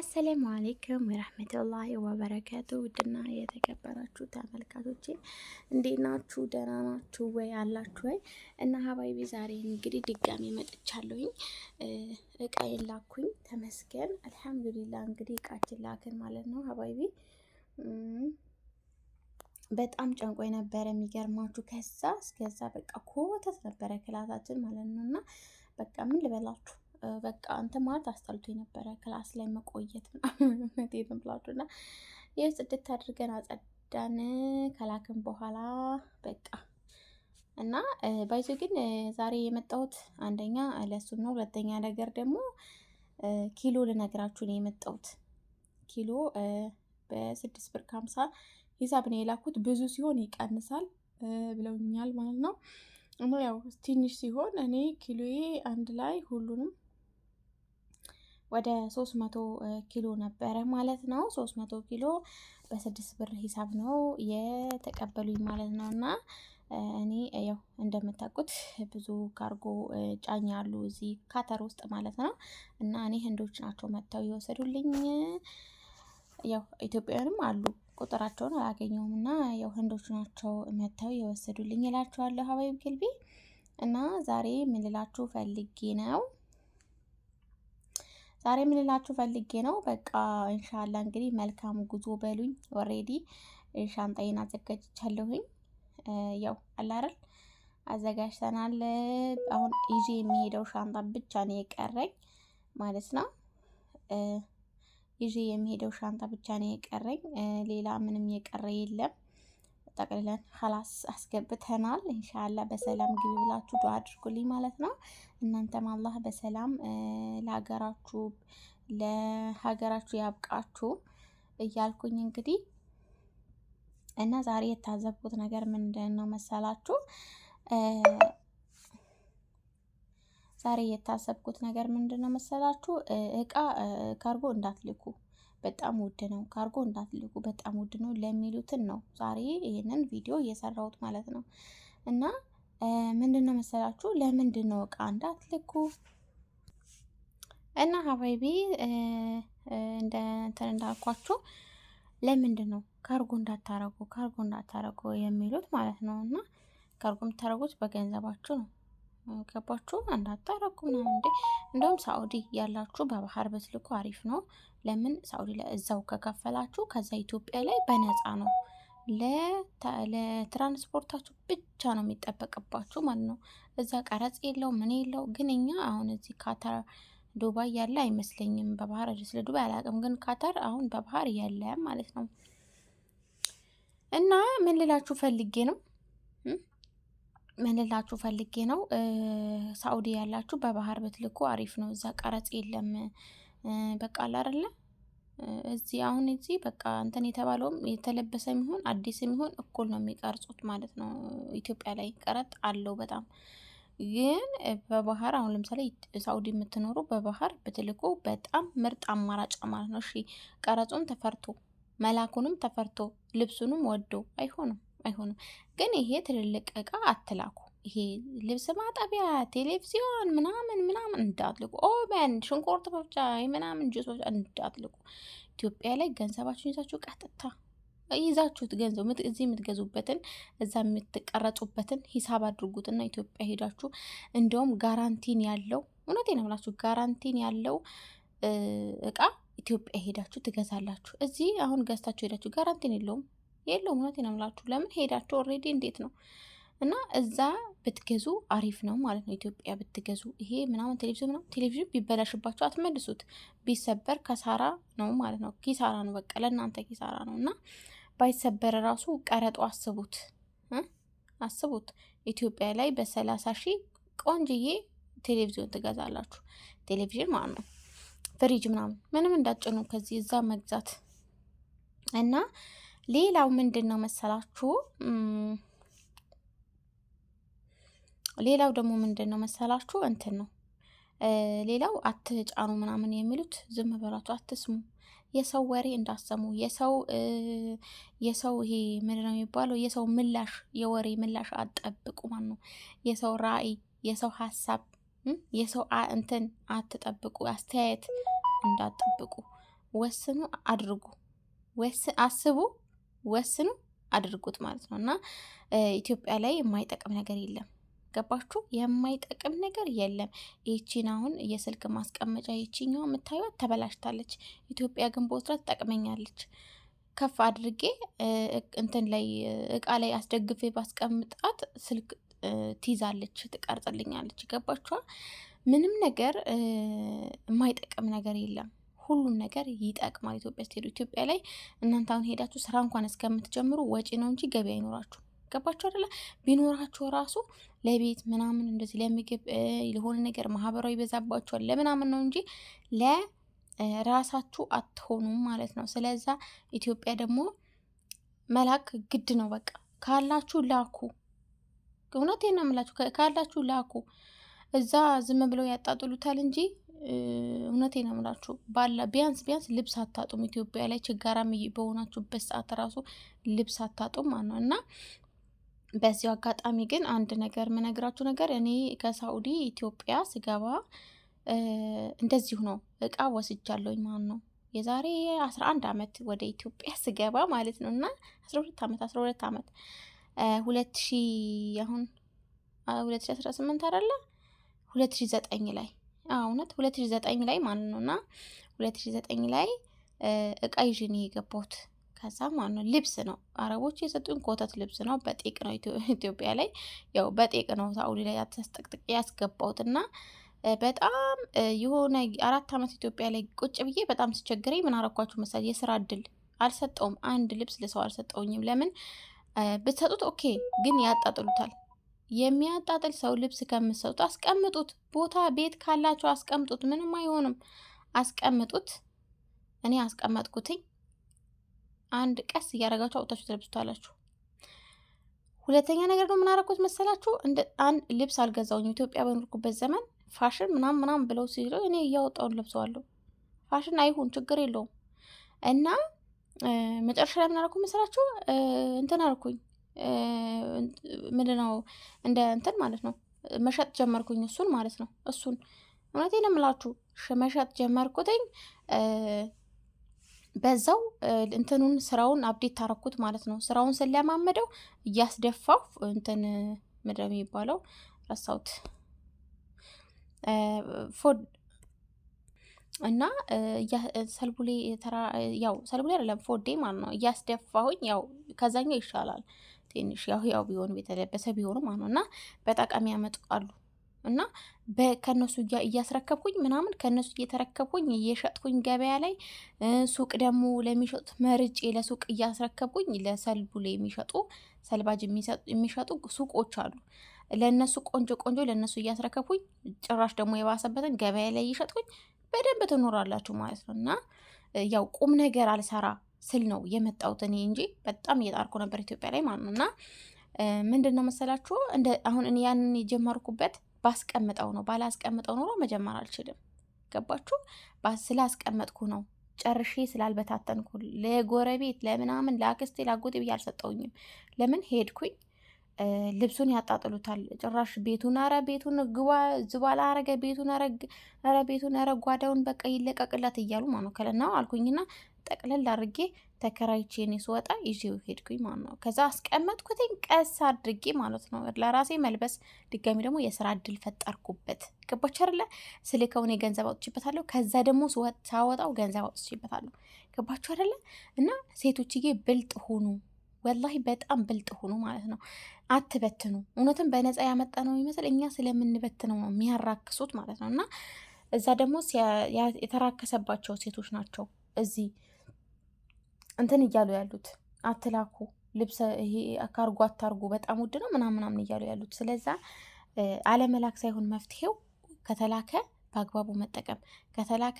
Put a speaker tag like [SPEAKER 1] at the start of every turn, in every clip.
[SPEAKER 1] አሰላሙ አሌይኩም ወረህመቱላሂ ወበረከቱ። ውድና የተከበራችሁ ተመልካቾቼ እንዴት ናችሁ? ደህና ናችሁ ወይ? አላችሁ ወይ? እና ሀባይቢ ዛሬ እንግዲህ ድጋሜ መጥቻለሁኝ። እቃዬን ላኩኝ፣ ተመስገን አልሐምዱሊላ። እንግዲህ እቃችን ላክን ማለት ነው ሀባይቢ። በጣም ጨንቆ የነበረ የሚገርማችሁ ከዛ እስከዛ በቃ ኮተት ነበረ ክላሳችን ማለት ነው። እና በቃ ምን ልበላችሁ በቃ እንትን ማለት አስጠልቶ የነበረ ክላስ ላይ መቆየት ምናምን ብላችሁ እና ይህ ጽድት አድርገን አጸዳን ከላክን በኋላ በቃ እና ባይዞ ግን ዛሬ የመጣሁት አንደኛ ለሱም ነው። ሁለተኛ ነገር ደግሞ ኪሎ ልነግራችሁ ነው የመጣሁት። ኪሎ በስድስት ብር ከሀምሳ ሂሳብ ነው የላኩት። ብዙ ሲሆን ይቀንሳል ብለውኛል ማለት ነው። ያው ትንሽ ሲሆን እኔ ኪሎዬ አንድ ላይ ሁሉንም ወደ 300 ኪሎ ነበረ ማለት ነው። 300 ኪሎ በ6 ብር ሂሳብ ነው የተቀበሉኝ ማለት ነው። እና እኔ ያው እንደምታውቁት ብዙ ካርጎ ጫኝ ያሉ እዚህ ካተር ውስጥ ማለት ነው። እና እኔ ህንዶች ናቸው መጥተው የወሰዱልኝ። ያው ኢትዮጵያውያንም አሉ ቁጥራቸውን አላገኘውም። እና ያው ህንዶች ናቸው መጥተው የወሰዱልኝ ይላቸዋለሁ። ሀባይም ኬልቢ እና ዛሬ ምንላችሁ ፈልጌ ነው ዛሬ የምንላችሁ ፈልጌ ነው። በቃ እንሻላ እንግዲህ መልካም ጉዞ በሉኝ። ኦልሬዲ ሻንጣዬን አዘጋጅቻለሁኝ። ያው አላረል አዘጋጅተናል። አሁን ይዤ የሚሄደው ሻንጣ ብቻ ነው የቀረኝ ማለት ነው። ይዤ የሚሄደው ሻንጣ ብቻ ነው የቀረኝ። ሌላ ምንም የቀረ የለም። ጠቅልለን ሀላስ አስገብተናል። እንሻላ በሰላም ግቢ ብላችሁ ዱ አድርጉልኝ ማለት ነው። እናንተም አላህ በሰላም ለሀገራችሁ ለሀገራችሁ ያብቃችሁ እያልኩኝ እንግዲህ እና ዛሬ የታዘብኩት ነገር ምንድን ነው መሰላችሁ? ዛሬ የታዘብኩት ነገር ምንድን ነው መሰላችሁ? እቃ ካርጎ እንዳትልኩ በጣም ውድ ነው፣ ካርጎ እንዳትልቁ በጣም ውድ ነው ለሚሉትን ነው ዛሬ ይህንን ቪዲዮ እየሰራሁት ማለት ነው። እና ምንድን ነው መሰላችሁ ለምንድን ነው እቃ እንዳትልኩ እና ሀባይቢ እንደ እንትን እንዳልኳችሁ ለምንድን ነው ካርጎ እንዳታረጉ ካርጎ እንዳታረጉ የሚሉት ማለት ነው። እና ካርጎ የምታረጉት በገንዘባችሁ ነው። ገባችሁ እንዳታረኩ ምናምን እንዴ። እንደውም ሳኡዲ ያላችሁ በባህር ብትልኩ አሪፍ ነው። ለምን ሳኡዲ ላይ እዛው ከከፈላችሁ ከዛ ኢትዮጵያ ላይ በነፃ ነው። ለትራንስፖርታችሁ ብቻ ነው የሚጠበቅባችሁ ማለት ነው። እዛ ቀረጽ የለው ምን የለው። ግን እኛ አሁን እዚህ ካታር ዱባይ ያለ አይመስለኝም። በባህር ስለ ዱባይ አላውቅም፣ ግን ካታር አሁን በባህር ያለ ማለት ነው። እና ምን ልላችሁ ፈልጌ ነው ምንላችሁ ፈልጌ ነው ሳኡዲ ያላችሁ በባህር ብትልኩ አሪፍ ነው። እዛ ቀረጽ የለም። በቃ አላረለ እዚህ አሁን እዚህ በቃ እንትን የተባለውም የተለበሰ ሚሆን አዲስ ሚሆን እኩል ነው የሚቀርጹት ማለት ነው። ኢትዮጵያ ላይ ቀረጥ አለው በጣም ግን በባህር አሁን ለምሳሌ ሳኡዲ የምትኖሩ በባህር ብትልኩ በጣም ምርጥ አማራጭ ማለት ነው። እሺ ቀረጹም ተፈርቶ መላኩንም ተፈርቶ ልብሱንም ወዶ አይሆንም። አይሆንም። ግን ይሄ ትልልቅ እቃ አትላኩ። ይሄ ልብስ ማጠቢያ፣ ቴሌቪዚዮን ምናምን ምናምን እንዳትልቁ። ኦቨን፣ ሽንኩርት መፍጫ፣ ምናምን ጁስ መፍጫ እንዳትልቁ። ኢትዮጵያ ላይ ገንዘባችሁን ይዛችሁ ቀጥታ ይዛችሁት ገንዘብ እዚህ የምትገዙበትን እዛ የምትቀረጹበትን ሂሳብ አድርጉትና ኢትዮጵያ ሄዳችሁ እንደውም ጋራንቲን ያለው እውነቴን ነው የምላችሁ ጋራንቲን ያለው እቃ ኢትዮጵያ ሄዳችሁ ትገዛላችሁ። እዚህ አሁን ገዝታችሁ ሄዳችሁ ጋራንቲን የለውም። የለውም። እውነቴን ነው የምላችሁ። ለምን ሄዳችሁ ኦልሬዲ እንዴት ነው እና እዛ ብትገዙ አሪፍ ነው ማለት ነው። ኢትዮጵያ ብትገዙ ይሄ ምናምን ቴሌቪዥን ነው። ቴሌቪዥን ቢበላሽባቸው አትመልሱት። ቢሰበር ከሳራ ነው ማለት ነው። ኪሳራ ነው፣ በቃ ለእናንተ ኪሳራ ነው። እና ባይሰበር ራሱ ቀረጦ አስቡት፣ አስቡት። ኢትዮጵያ ላይ በሰላሳ ሺህ ቆንጅዬ ቴሌቪዥን ትገዛላችሁ። ቴሌቪዥን ማለት ነው ፍሪጅ ምናምን ምንም እንዳጭኑ ከዚህ እዛ መግዛት እና ሌላው ምንድን ነው መሰላችሁ? ሌላው ደግሞ ምንድን ነው መሰላችሁ? እንትን ነው ሌላው አትጫኑ ምናምን የሚሉት ዝም በሏቸው፣ አትስሙ። የሰው ወሬ እንዳሰሙ የሰው የሰው ይሄ ምንድን ነው የሚባለው የሰው ምላሽ የወሬ ምላሽ አትጠብቁ። ማን ነው የሰው ራዕይ፣ የሰው ሀሳብ፣ የሰው እንትን አትጠብቁ። አስተያየት እንዳትጠብቁ፣ ወስኑ፣ አድርጉ፣ አስቡ ወስኑ፣ አድርጉት ማለት ነው እና ኢትዮጵያ ላይ የማይጠቅም ነገር የለም። ገባችሁ? የማይጠቅም ነገር የለም። ይቺን አሁን የስልክ ማስቀመጫ ይቺኛው የምታዩት ተበላሽታለች። ኢትዮጵያ ግን በወስራ ትጠቅመኛለች። ከፍ አድርጌ እንትን ላይ እቃ ላይ አስደግፌ ባስቀምጣት ስልክ ትይዛለች፣ ትቀርጽልኛለች። ገባችኋ? ምንም ነገር የማይጠቅም ነገር የለም። ሁሉም ነገር ይጠቅማል። ኢትዮጵያ ስትሄዱ ኢትዮጵያ ላይ እናንተ አሁን ሄዳችሁ ስራ እንኳን እስከምትጀምሩ ወጪ ነው እንጂ ገቢ አይኖራችሁ። ገባችሁ አይደለ? ቢኖራችሁ ራሱ ለቤት ምናምን እንደዚህ ለምግብ ለሆነ ነገር ማህበራዊ ይበዛባችኋል ለምናምን ነው እንጂ ለራሳችሁ አትሆኑም ማለት ነው። ስለዛ ኢትዮጵያ ደግሞ መላክ ግድ ነው። በቃ ካላችሁ ላኩ። እውነቴን ነው የምላችሁ፣ ካላችሁ ላኩ። እዛ ዝም ብለው ያጣጥሉታል እንጂ እውነቴ ነው የምላችሁ ባላ ቢያንስ ቢያንስ ልብስ አታጡም። ኢትዮጵያ ላይ ችጋራም በሆናችሁበት ሰዓት ራሱ ልብስ አታጡም ማለት ነው እና በዚሁ አጋጣሚ ግን አንድ ነገር የምነግራችሁ ነገር እኔ ከሳኡዲ ኢትዮጵያ ስገባ እንደዚሁ ነው እቃ ወስጃለሁኝ ማለት ነው። የዛሬ አስራ አንድ አመት ወደ ኢትዮጵያ ስገባ ማለት ነው እና አስራ ሁለት አመት አስራ ሁለት አመት ሁለት ሺ አሁን ሁለት ሺ አስራ ስምንት አይደለ ሁለት ሺ ዘጠኝ ላይ እውነት 29 ላይ ማለት ነው እና ላይ እቃ ይዤ ነው የገባሁት። ከዛ ማለት ነው ልብስ ነው አረቦች የሰጡኝ ኮተት ልብስ ነው፣ በጤቅ ነው ኢትዮጵያ ላይ ያው በጤቅ ነው ሳውዲ ላይ ያስጠቅጥቅ ያስገባሁት እና በጣም የሆነ አራት ዓመት ኢትዮጵያ ላይ ቁጭ ብዬ በጣም ስቸግረኝ ምን አረኳችሁ መሳል የስራ እድል አልሰጠውም። አንድ ልብስ ለሰው አልሰጠውኝም። ለምን ብትሰጡት ኦኬ፣ ግን ያጣጥሉታል የሚያጣጥል ሰው ልብስ ከምትሰጡ አስቀምጡት። ቦታ ቤት ካላችሁ አስቀምጡት። ምንም አይሆንም፣ አስቀምጡት። እኔ አስቀመጥኩትኝ። አንድ ቀስ እያደረጋችሁ አውጥታችሁ ትለብሱታላችሁ። ሁለተኛ ነገር ነው የምናረኩት መሰላችሁ፣ አንድ ልብስ አልገዛውኝ ኢትዮጵያ በኖርኩበት ዘመን ፋሽን ምናም ምናም ብለው ሲሉ እኔ እያወጣውን ለብሰዋለሁ። ፋሽን አይሁን ችግር የለውም እና መጨረሻ ላይ ምናረኩ መሰላችሁ እንትን አልኩኝ ምንድነው እንደ እንትን ማለት ነው መሸጥ ጀመርኩኝ፣ እሱን ማለት ነው እሱን እውነቴን እምላችሁ መሸጥ ጀመርኩትኝ። በዛው እንትኑን ስራውን አብዴት ታረኩት ማለት ነው። ስራውን ስለማመደው እያስደፋው እንትን ምድ ነው የሚባለው ረሳውት ፎድ እና ሰልቡሌ ተራ ያው ሰልቡሌ አይደለም ፎዴ ማለት ነው እያስደፋሁኝ ያው ከዛኛው ይሻላል። ትንሽ ያው ያው ቢሆኑ የተለበሰ ቢሆኑ ማለት ነው እና በጠቃሚ ያመጣሉ እና ከነሱ እያስረከብኩኝ ምናምን ከነሱ እየተረከብኩኝ እየሸጥኩኝ ገበያ ላይ ሱቅ ደግሞ ለሚሸጡት መርጬ ለሱቅ እያስረከብኩኝ ለሰልቡ ላይ የሚሸጡ ሰልባጅ የሚሸጡ ሱቆች አሉ። ለእነሱ ቆንጆ ቆንጆ ለእነሱ እያስረከብኩኝ ጭራሽ ደግሞ የባሰበትን ገበያ ላይ እየሸጥኩኝ በደንብ ትኖራላችሁ ማለት ነው እና ያው ቁም ነገር አልሰራ ስል ነው የመጣሁት እኔ እንጂ በጣም እየጣርኩ ነበር ኢትዮጵያ ላይ ማለት ነው። እና ምንድን ነው መሰላችሁ እንደ አሁን እኔ ያንን የጀመርኩበት ባስቀምጠው ነው። ባላስቀምጠው ኖሮ መጀመር አልችልም። ገባችሁ? ስላስቀመጥኩ ነው ጨርሼ ስላልበታተንኩ ለጎረቤት ለምናምን ለአክስቴ ለአጎቴ ብዬ አልሰጠውኝም። ለምን ሄድኩኝ ልብሱን ያጣጥሉታል። ጭራሽ ቤቱን ኧረ ቤቱን ግባ ዝባላ አረገ ቤቱን ኧረ ቤቱን ኧረ ጓዳውን በቃ ይለቀቅላት እያሉ ማለት ነው አልኩኝና ጠቅልል አድርጌ ተከራይቼ እኔ ስወጣ ይዤው ሄድኩኝ ማለት ነው። ከዛ አስቀመጥኩትኝ ቀስ አድርጌ ማለት ነው ለራሴ መልበስ፣ ድጋሚ ደግሞ የስራ እድል ፈጠርኩበት። ገባች አይደለ? ስልከው እኔ ገንዘብ አውጥቼበታለሁ፣ ከዛ ደግሞ ሳወጣው ገንዘብ አውጥቼበታለሁ። ገባችሁ አይደለ? እና ሴቶችዬ ብልጥ ሁኑ፣ ወላሂ በጣም ብልጥ ሁኑ ማለት ነው። አትበትኑ። እውነትም በነፃ ያመጣ ነው የሚመስል እኛ ስለምንበትነው ነው የሚያራክሱት ማለት ነው። እና እዛ ደግሞ የተራከሰባቸው ሴቶች ናቸው እዚህ እንትን እያሉ ያሉት አትላኩ ልብሰ ይሄ ካርጎ አታርጉ በጣም ውድ ነው ምናምን ምናምን እያሉ ያሉት። ስለዛ አለመላክ ሳይሆን መፍትሄው ከተላከ በአግባቡ መጠቀም፣ ከተላከ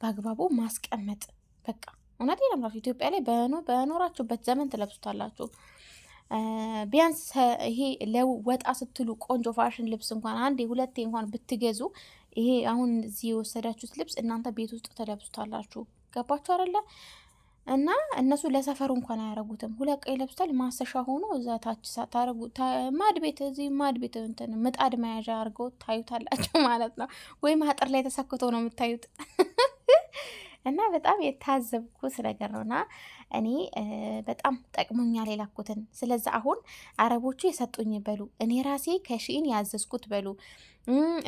[SPEAKER 1] በአግባቡ ማስቀመጥ። በቃ እውነት ነው ኢትዮጵያ ላይ በኖራችሁበት ዘመን ትለብሱታላችሁ። ቢያንስ ይሄ ለወጣ ስትሉ ቆንጆ ፋሽን ልብስ እንኳን አንዴ ሁለቴ እንኳን ብትገዙ ይሄ አሁን እዚህ የወሰዳችሁት ልብስ እናንተ ቤት ውስጥ ተለብሱታላችሁ። ገባችሁ አይደለ? እና እነሱ ለሰፈሩ እንኳን አያረጉትም። ሁለት ቀይ ለብስታል ማሰሻ ሆኖ እዛ ታች ታረጉት ማድ ቤት እዚህ ማድ ቤት እንትን ምጣድ መያዣ አድርገው ታዩታላቸው ማለት ነው። ወይም አጥር ላይ ተሰክቶ ነው የምታዩት። እና በጣም የታዘብኩ ስለገረና እኔ በጣም ጠቅሞኛል የላኩትን። ስለዚ አሁን አረቦቹ የሰጡኝ በሉ፣ እኔ ራሴ ከሺን ያዘዝኩት በሉ፣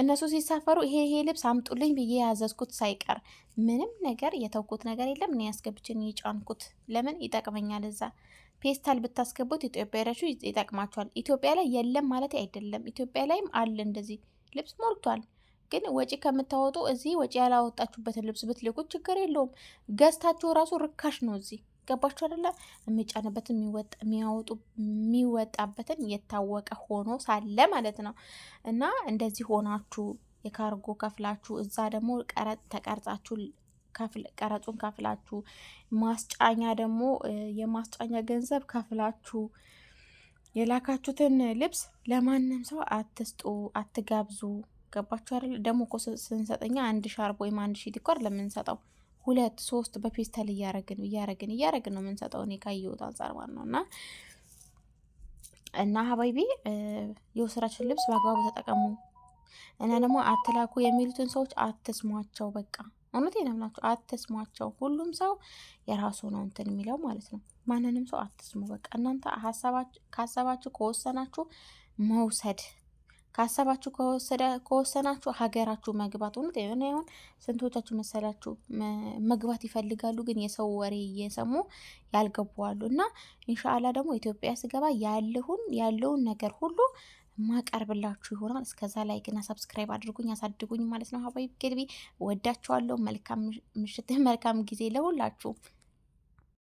[SPEAKER 1] እነሱ ሲሳፈሩ ይሄ ይሄ ልብስ አምጡልኝ ብዬ ያዘዝኩት ሳይቀር ምንም ነገር የተውኩት ነገር የለም። እኔ ያስገብችን ይጫንኩት ለምን ይጠቅመኛል እዛ ፔስታል ብታስገቡት ኢትዮጵያ ረሹ ይጠቅማቸዋል። ኢትዮጵያ ላይ የለም ማለት አይደለም። ኢትዮጵያ ላይም አለ እንደዚህ ልብስ ሞልቷል። ግን ወጪ ከምታወጡ እዚህ ወጪ ያላወጣችሁበትን ልብስ ብትልቁት ችግር የለውም። ገዝታችሁ ራሱ ርካሽ ነው። እዚህ ገባችሁ አይደለ? የሚጫንበትን የሚያወጡ የሚወጣበትን የታወቀ ሆኖ ሳለ ማለት ነው። እና እንደዚህ ሆናችሁ የካርጎ ከፍላችሁ እዛ ደግሞ ቀረጥ ተቀርጻችሁ ቀረጹን ከፍላችሁ ማስጫኛ ደግሞ የማስጫኛ ገንዘብ ከፍላችሁ የላካችሁትን ልብስ ለማንም ሰው አትስጡ፣ አትጋብዙ። ገባችሁ አይደል? ደግሞ እኮ ስንሰጠኛ አንድ ሻርፕ ወይም አንድ ሺት እኮ አይደለም የምንሰጠው፣ ሁለት ሶስት በፔስተል እያረግን እያረግን እያረግን ነው የምንሰጠው። እኔ ካየሁት አንጻር ማለት ነው። እና እና ሀባይቢ የወሰዳችሁን ልብስ በአግባቡ ተጠቀሙ እና ደግሞ አትላኩ የሚሉትን ሰዎች አትስሟቸው። በቃ እውነት ነምናቸው አትስሟቸው። ሁሉም ሰው የራሱ ነው እንትን የሚለው ማለት ነው። ማንንም ሰው አትስሙ። በቃ እናንተ ከሀሳባችሁ ከወሰናችሁ መውሰድ ካሰባችሁ ከወሰናችሁ ሀገራችሁ መግባት እውነት የሆነ ይሁን። ስንቶቻችሁ መሰላችሁ መግባት ይፈልጋሉ፣ ግን የሰው ወሬ እየሰሙ ያልገቡዋሉ እና ኢንሻአላ ደግሞ ኢትዮጵያ ስገባ ያለሁን ያለውን ነገር ሁሉ ማቀርብላችሁ ይሆናል። እስከዛ ላይ ግና ሰብስክራይብ አድርጉኝ አሳድጉኝ ማለት ነው። ሀባይ ግድቢ ወዳችኋለሁ። መልካም ምሽት፣ መልካም ጊዜ ለሁላችሁ።